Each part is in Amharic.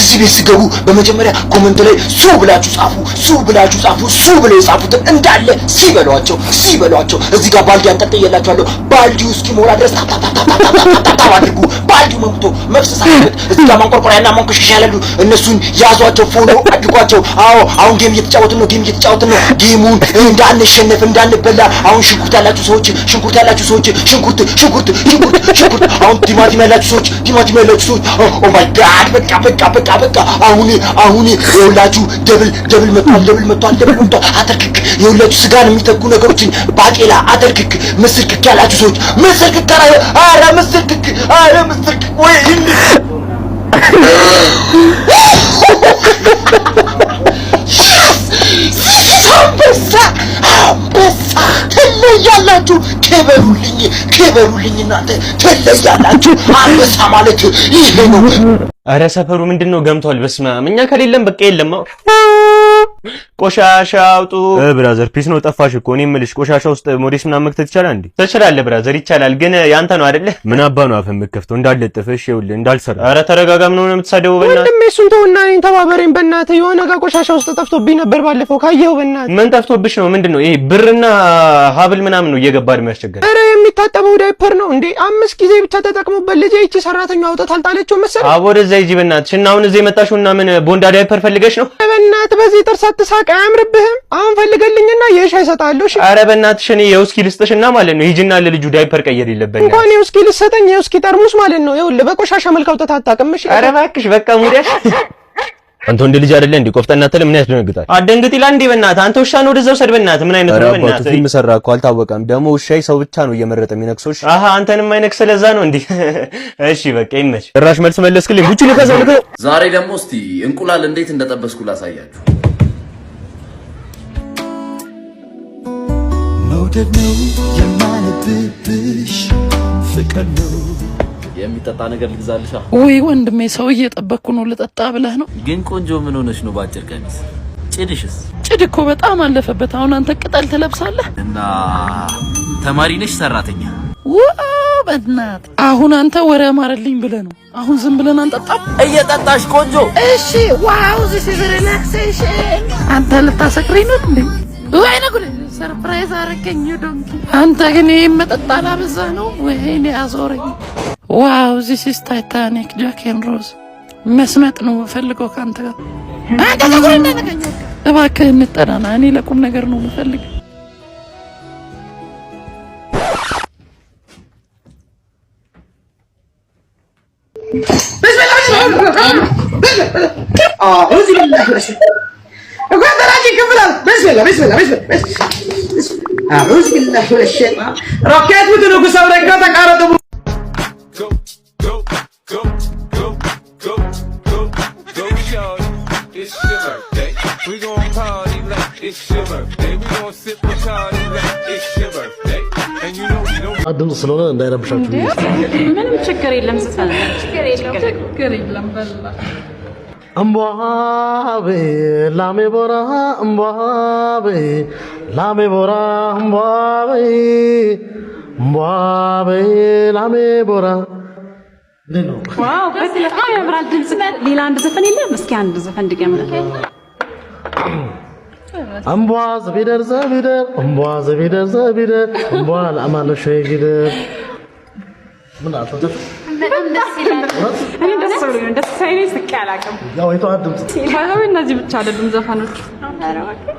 እዚህ ቤት ስገቡ በመጀመሪያ ኮመንት ላይ ሱ ብላችሁ ጻፉ፣ ሱ ብላችሁ ጻፉ። ሱ ብለው የጻፉትን እንዳለ ሲበሏቸው ሲበሏቸው። እዚህ ጋር ባልዲ አንጠልጥዬላችኋለሁ። ባልዲው እስኪሞላ ድረስ ታታታታታታታታ አድርጉ። ባልዲው መምቶ መፍሰስ አለበት። እዚህ ጋር ማንቆርቆሪያና ማንቆሻሻ ያላሉ እነሱን ያዟቸው፣ ፎሎ አድርጓቸው። አዎ አሁን ጌም እየተጫወትን ነው፣ ጌም እየተጫወትን ነው። ጌሙን እንዳንሸነፍ እንዳንበላ። አሁን ሽንኩርት ያላችሁ ሰዎች ሽንኩርት ያላችሁ ሰዎች ሽንኩርት ሽንኩርት ሽንኩርት ሽንኩርት። አሁን ቲማቲም ያላችሁ ሰዎች ቲማቲም ያላችሁ ሰዎች ኦ ማይ ጋድ በቃ በቃ በቃ በቃ አሁን አሁን የሁላችሁ ደብል ደብል መጥቷል፣ ደብል መጥቷል፣ ደብል መጥቷል። አተርክክ የሁላችሁ ስጋን የሚተኩ ነገሮችን ባቄላ፣ አተርክክ፣ ምስር ክክ ያላችሁ ሰዎች ምስር ክክ ካላ አረ ምስር ክክ አረ ምስር ክክ ወይ ክበሩልኝ፣ ክበሩልኝ እናንተ ትለያላችሁ። አንበሳ ማለት ይሄ ነው። አረ ሰፈሩ ምንድን ነው ገምቷል። በስመ አብ እኛ ከሌለም በቃ የለም። ቆሻሻ አውጡ ብራዘር። ፒስ ነው ጠፋሽ እኮ እኔ የምልሽ ቆሻሻ ውስጥ ሞዴስ ምናምን መክተት ይቻላል እንዴ? ትችላለህ ብራዘር፣ ይቻላል። ግን ያንተ ነው አይደለ? ምን አባ ነው አፈን የምከፍተው? እንዳልለጥፍሽ ይኸውልህ፣ እንዳልሰራ። ኧረ ተረጋጋ። ምን ሆነ የምትሳደበው? በእናትህ ወንድሜ፣ እሱን ተውና እኔን ተባበረኝ በእናትህ። የሆነ ዕቃ ቆሻሻ ውስጥ ጠፍቶብኝ ነበር ባለፈው፣ ካየኸው በእናትህ። ምን ጠፍቶብሽ ነው? ምንድን ነው ይሄ? ብርና ሀብል ምናምን ነው እየገባ አይደል ያስቸገረ። ኧረ የሚታጠበው ዳይፐር ነው እንዴ? አምስት ጊዜ ብቻ ተጠቅሞበት ልጄ ይቺ ሰራተኛ አውጣት አልጣለችው መሰለህ። አቦ ወደዛ ሂጂ በእናትሽ። እና አሁን እዚህ የመጣሽው እና ምን ቦንዳ ዳይፐር ፈልገሽ ነው? በእናትህ በዚህ ጥርሳ አትሳቅ፣ አያምርብህም። አሁን ፈልገልኝና የሻይ እሰጥሃለሁ። እሺ? ኧረ በእናትሽ እኔ የውስኪ ልስጥሽና ማለት ነው ሂጂና ለልጁ ዳይፐር ቀየር ይለበኛል። እንኳን የውስኪ ልሰጠኝ የውስኪ ጠርሙስ ማለት ነው ይኸውልህ፣ በቆሻሻ መልክ አውጥተህ አታውቅም። እሺ? ኧረ እባክሽ በቃ ሙዲያሽ አንተ ወንድ ልጅ አይደለ እንዴ? ቆፍጠና ተለ ምን ያስደነግጣል? አደንግጥ ይላል እንዴ? በእናትህ አንተ ውሻ ነው ወደዛው ሰድ በእናትህ ምን አይነት ነው? በእናትህ ፊልም ሰራ እኮ አልታወቀም። ደግሞ ውሻይ ሰው ብቻ ነው እየመረጠ የሚነክሶሽ። አሀ አንተንም አይነክስ ለዛ ነው እንዴ? እሺ በቃ ይመች። ጭራሽ መልስ መለስክልኝ። ጉቺ ልከዘው ልከዘው። ዛሬ ደግሞ እስቲ እንቁላል እንዴት እንደጠበስኩ ላሳያችሁ። መውደድ ነው ፍቅር ነው። የሚጠጣ ነገር ልግዛልሽ። ውይ ወንድሜ፣ ሰው እየጠበቅኩ ነው። ልጠጣ ብለህ ነው? ግን ቆንጆ ምን ሆነሽ ነው በአጭር ቀሚስ? ጭድሽስ? ጭድ እኮ በጣም አለፈበት። አሁን አንተ ቅጠል ትለብሳለህ። እና ተማሪ ነሽ ሰራተኛ? አሁን አንተ ወሬ አማረልኝ ብለህ ነው? አሁን ዝም ብለን አንጠጣም? እየጠጣሽ ቆንጆ። እሺ ዋው፣ ዚስ ሪላክሴሽን። አንተ ነው እንዴ? ሰርፕራይዝ አረገኝ ዶንኪ። አንተ ግን ይህም መጠጥ አላበዛ ነው። ወይኔ አዞረኝ። ዋው ዚስ ኢዝ ታይታኒክ ጃክ ኤን ሮዝ። መስመጥ ነው የምፈልገው ከአንተ ጋር። አንተ ጸጉር እንዳነቀኝ እባክህ እንጠናና፣ እኔ ለቁም ነገር ነው የምፈልግ قدر اجي كفلان بسم الله بسم الله بسم الله بسم الله اعوذ بالله من الشيطان ركعت متنوك سوركتك ارد It's your birthday. We gon' party like it's your birthday. We gon' sip a party like it's your birthday. And you know we don't. አድም ስለሆነ እንዳይረብሻችሁ። ምንም ችግር የለም። ስሳ ችግር የለም። ችግር የለም በላ እምቧቤ ላሜ ቦራ እምቧቤ ላሜ ቦራ እምቧቤ እምቧቤ ላሜ ቦራ በጣም ያምራል ድምጽ። ሌላ አንድ ዘፈን የለም? እስኪ አንድ ዘፈን ድገምልን። እምቧ ዘቢደር ዘቢደር እምቧ ዘቢደር ዘቢደር እምቧ ለአማለሽ ጊደር ምን አልተደፍ በጣም ደስ ይላል። እኔ ደስ ብሎኝ ደስ ሳይለኝ ስቄ አላውቅም። ያው ድምፅ እነዚህ ብቻ አይደሉም ዘፈኖች፣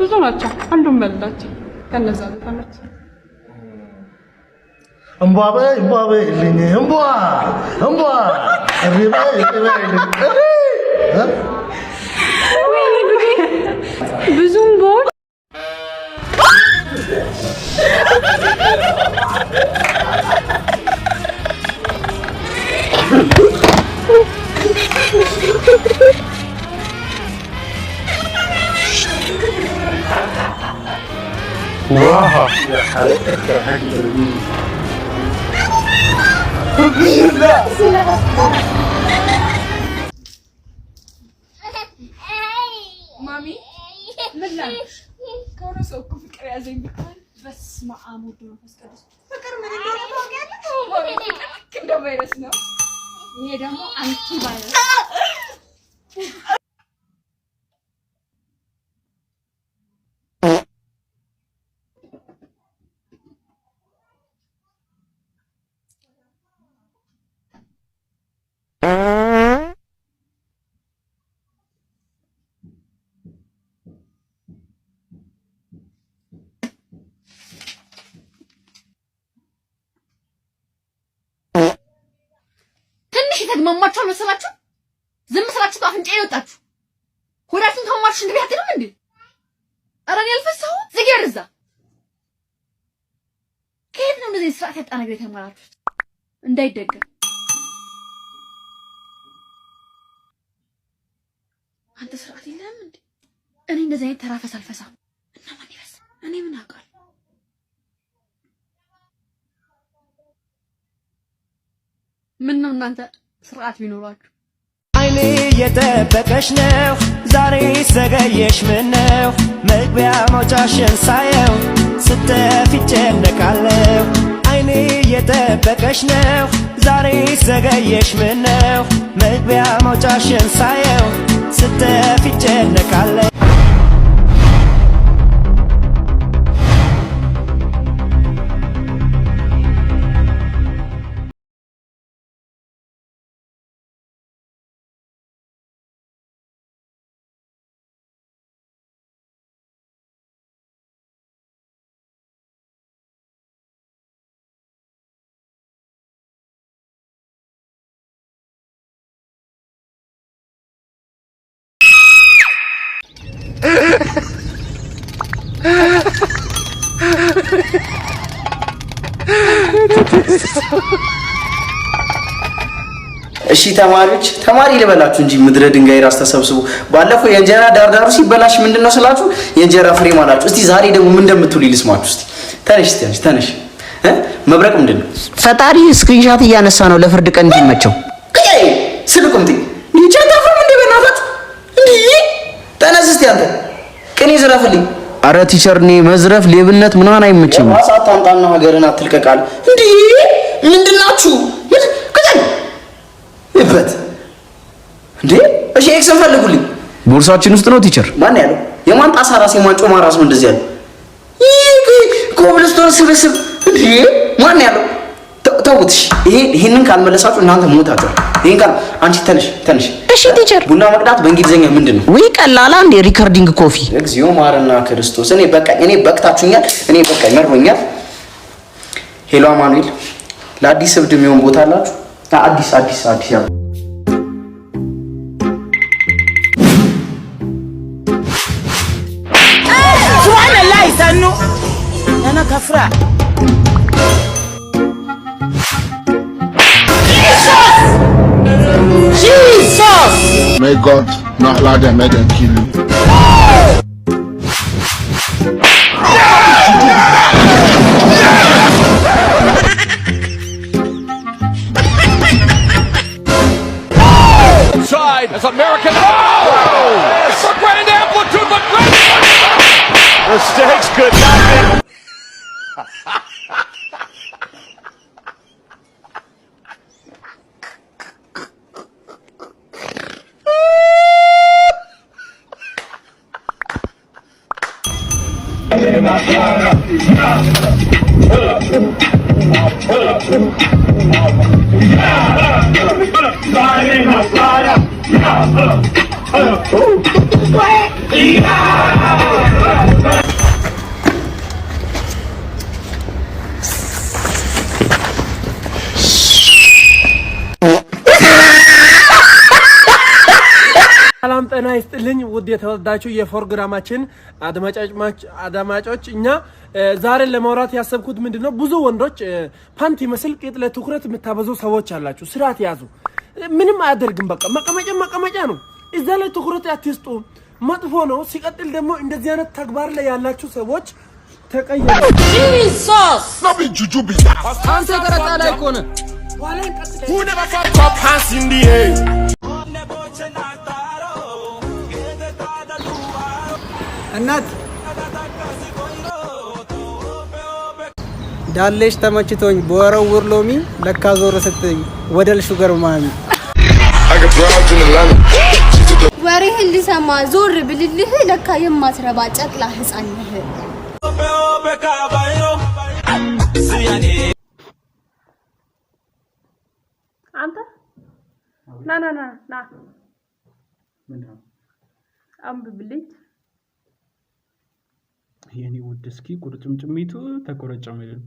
ብዙ ናቸው። አንዱን በላቸው ከነዛ ዘፈኖች እምቧ በይ ማሚ ምን ላልሽ? ከሆነ ሰው እኮ ፍቅር ያዘኝ ብትል በስመ አብ ወወልድ ወመንፈስ ቅዱስ ፍቅር ምን እንደሆነ ነው። ይሄ ደግሞ አንቲ ቫይረስ ስርዓት ያጣ ነገር የተማራችሁት እንዳይደገም። አንተ ስርዓት የለህም እንዴ? እኔ እንደዚህ አይነት ተራፈስ አልፈሳም። እና ማን ይፈሳ? እኔ ምን አውቃለሁ? ምን ነው እናንተ ስርዓት ቢኖራችሁ። አይኔ የጠበቀሽ ነው ዛሬ ሰገየሽ። ምን ነው መግቢያ መውጫሽን ሳየው ስተፊ ጨነቃለሁ እየጠበቀሽ ነው ዛሬ ዘገየሽ ምነው መግቢያ መውጫሽን ሳየው ስተፊ ጨነቃለሁ እሺ ተማሪዎች ተማሪ ልበላችሁ እንጂ ምድረ ድንጋይ ራስ ተሰብስቦ ባለፈው የእንጀራ ዳርዳሩ ሲበላሽ ምንድን ነው ስላችሁ የእንጀራ ፍሬ ማላችሁ። እስቲ ዛሬ ደግሞ ምን እንደምትሉ ይልስማችሁ። እስቲ ተነሽ ተነሽ ተነሽ። መብረቅ ምንድን ነው? ፈጣሪ ስክሪንሻት እያነሳ ነው ለፍርድ ቀን እንዲመቸው እኔ ዝረፍልኝ። አረ ቲቸር፣ እኔ መዝረፍ ሌብነት ምናምን አይመችም። ሳታንጣና ሀገርን አትልቀቃል። እንዴ ምንድናችሁ? ቅጠል ይበት እንዴ። እሺ ኤክስ ፈልጉልኝ። ቦርሳችን ውስጥ ነው ቲቸር። ማን ያለው? የማን ጣሳ ራስ የማን ጮማ ራስ ነው እንደዚህ ያለው? ኮብልስቶን ስብስብ እንዴ። ማን ያለው? ተውት። ይሄ ይሄንን ካልመለሳችሁ እናንተ ሞታችሁ። ይሄን ቃል አንቺ ተነሽ ተነሽ። እሺ ቲቸር፣ ቡና መቅዳት በእንግሊዝኛ ምንድን ነው? ወይ ቀላላ እንደ ሪከርዲንግ ኮፊ። እግዚኦ ማርና ክርስቶስ። እኔ በቃ እኔ በቅታችሁኛል። እኔ በቃ መርቦኛል። ሄሎ አማኑኤል፣ ለአዲስ እብድ የሚሆን ቦታ አላችሁ? አዲስ አዲስ አዲስ ያሉ ከፍራ Jesus! May God not allow them, may them kill you. Side as America ሰላም ጤና ይስጥልኝ ውድ የተወዳችሁ የፕሮግራማችን አድማጮች፣ እኛ ዛሬ ለማውራት ያሰብኩት ምንድን ነው፣ ብዙ ወንዶች ፓንት ይመስል ቂጥ ለትኩረት የምታበዙ ሰዎች አላችሁ፣ ስርዓት ያዙ። ምንም አያደርግም። በቃ መቀመጫ መቀመጫ ነው። እዛ ላይ ትኩረት አትስጡ፣ መጥፎ ነው። ሲቀጥል ደግሞ እንደዚህ አይነት ተግባር ላይ ያላችሁ ሰዎች እናት ዳሌሽ ተመችቶኝ በወረውር ሎሚ ለካ ዞር ስትኝ ወደል ሹገር ማሚ ወሬህን ልሰማ ዞር ብልልህ ለካ የማትረባ ጨቅላ ህፃን ነህ። አንተ ና ና ና ና አንብብልኝ የኔ ውድ። እስኪ ቁርጭምጭሚቱ ተቆረጨመልን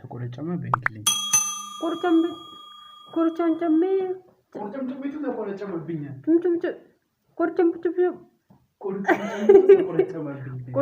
ተቆረጨመ በልኝ ቁርጭምጭ ቁርጨምጨሜ ቁርጭምጭሜ ተቆረጨመብኝ። ቁርጭምጭሜ ተቆረጨመብኝ ተቆረጨመብኝ።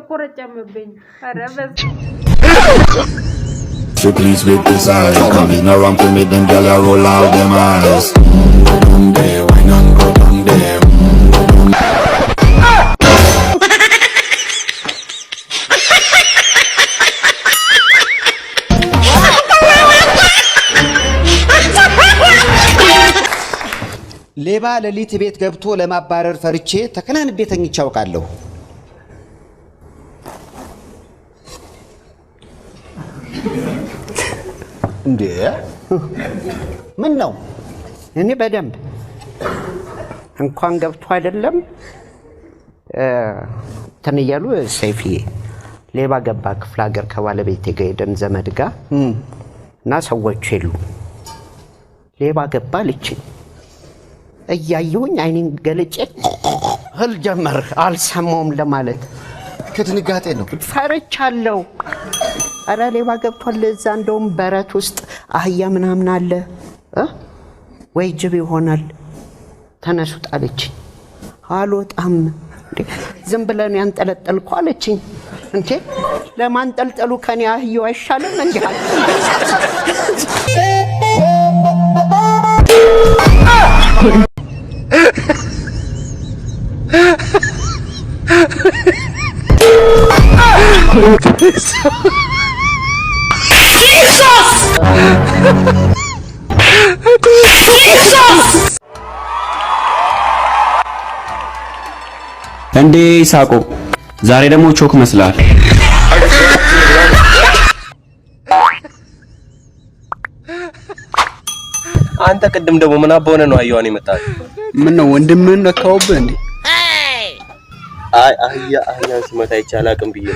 ኧረ Please with design Coming around to me, them gyal roll out them eyes Go down there, Why not go down there ሌባ ሌሊት ቤት ገብቶ ለማባረር ፈርቼ ተከናንቤ ተኝቼ አውቃለሁ። እንዴ ምን ነው? እኔ በደንብ እንኳን ገብቶ አይደለም እንትን እያሉ ሰይፍዬ ሌባ ገባ ክፍለ ሀገር ከባለቤቴ ጋር ሄደን ዘመድ ጋር እና ሰዎቹ የሉ ሌባ ገባ ልችኝ እያየሁኝ አይኔን ገለጬ ህል ጀመር አልሰማውም ለማለት ከድንጋጤ ነው ፈርቻለሁ። ኧረ ሌባ ገብቷል ለዛ እንደውም በረት ውስጥ አህያ ምናምን አለ ወይ ጅብ ይሆናል። ተነሱ ጣለችኝ። አልወጣም ዝም ብለን ያንጠለጠልኩ አለችኝ። እንዴ ለማንጠልጠሉ ከኔ አህየው አይሻልም እንዲህ እንዴ ሳቆ ዛሬ ደግሞ ቾክ መስላል። አንተ ቅድም ደግሞ ምን አባሆነ ነው አህያዋን የመጣህ? ምን ነው ወንድምህን ነካውብህ እንዴ? አይ አህያ አህያን ሲመታ ይቻል አቅም ብዬ